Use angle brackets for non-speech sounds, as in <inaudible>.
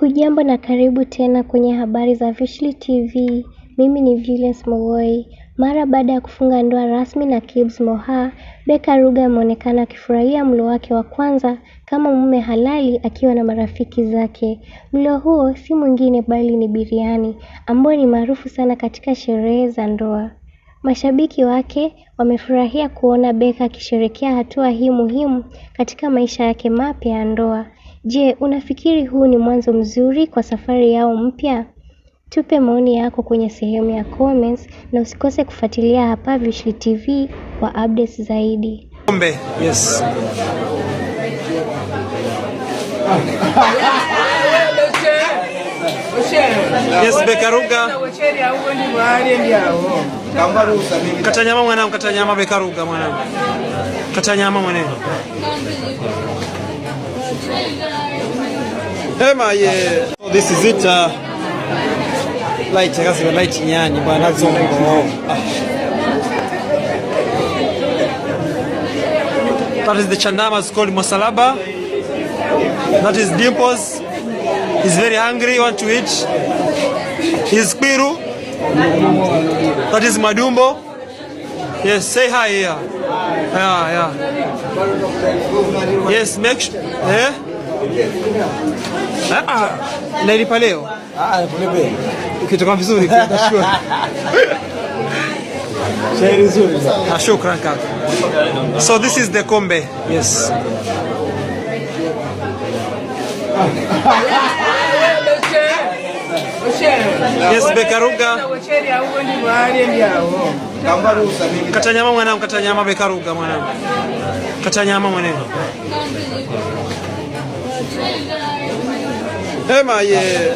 Hujambo na karibu tena kwenye habari za Veushly TV. Mimi ni Julius Mogoi. Mara baada ya kufunga ndoa rasmi na kibs Moha, Beka Ruga ameonekana akifurahia mlo wake wa kwanza kama mume halali akiwa na marafiki zake. Mlo huo si mwingine bali ni biriani ambayo ni maarufu sana katika sherehe za ndoa. Mashabiki wake wamefurahia kuona Beka akisherehekea hatua hii muhimu katika maisha yake mapya ya ndoa. Je, unafikiri huu ni mwanzo mzuri kwa safari yao mpya? Tupe maoni yako kwenye sehemu ya comments na usikose kufuatilia hapa Veushly TV kwa updates zaidi. Yes. <laughs> Bekaruga kata nyama mwanangu, kata nyama Bekaruga mwanangu, kata nyama mwanangu. Hema ye. So this is it. Uh, light kasi ba light nyani bana zongo. Ah. That is the Chandama's called Masalaba. That is Dimples. He's very hungry, want to eat. He's Kwiru. That is Madumbo. Yes, say hi here. Yeah, yeah. Yes, make sure. Eh? Ah, ah. Lady Paleo. Ah, bebe. Kitoka vizuri kitashukuru. Shairi nzuri. Ashukran ah, kaka. So this is the kombe. Yes. <laughs> Bekaruga kata nyama mwanangu, kata nyama Bekaruga mwanangu, kata nyama mwanangu. Hema ye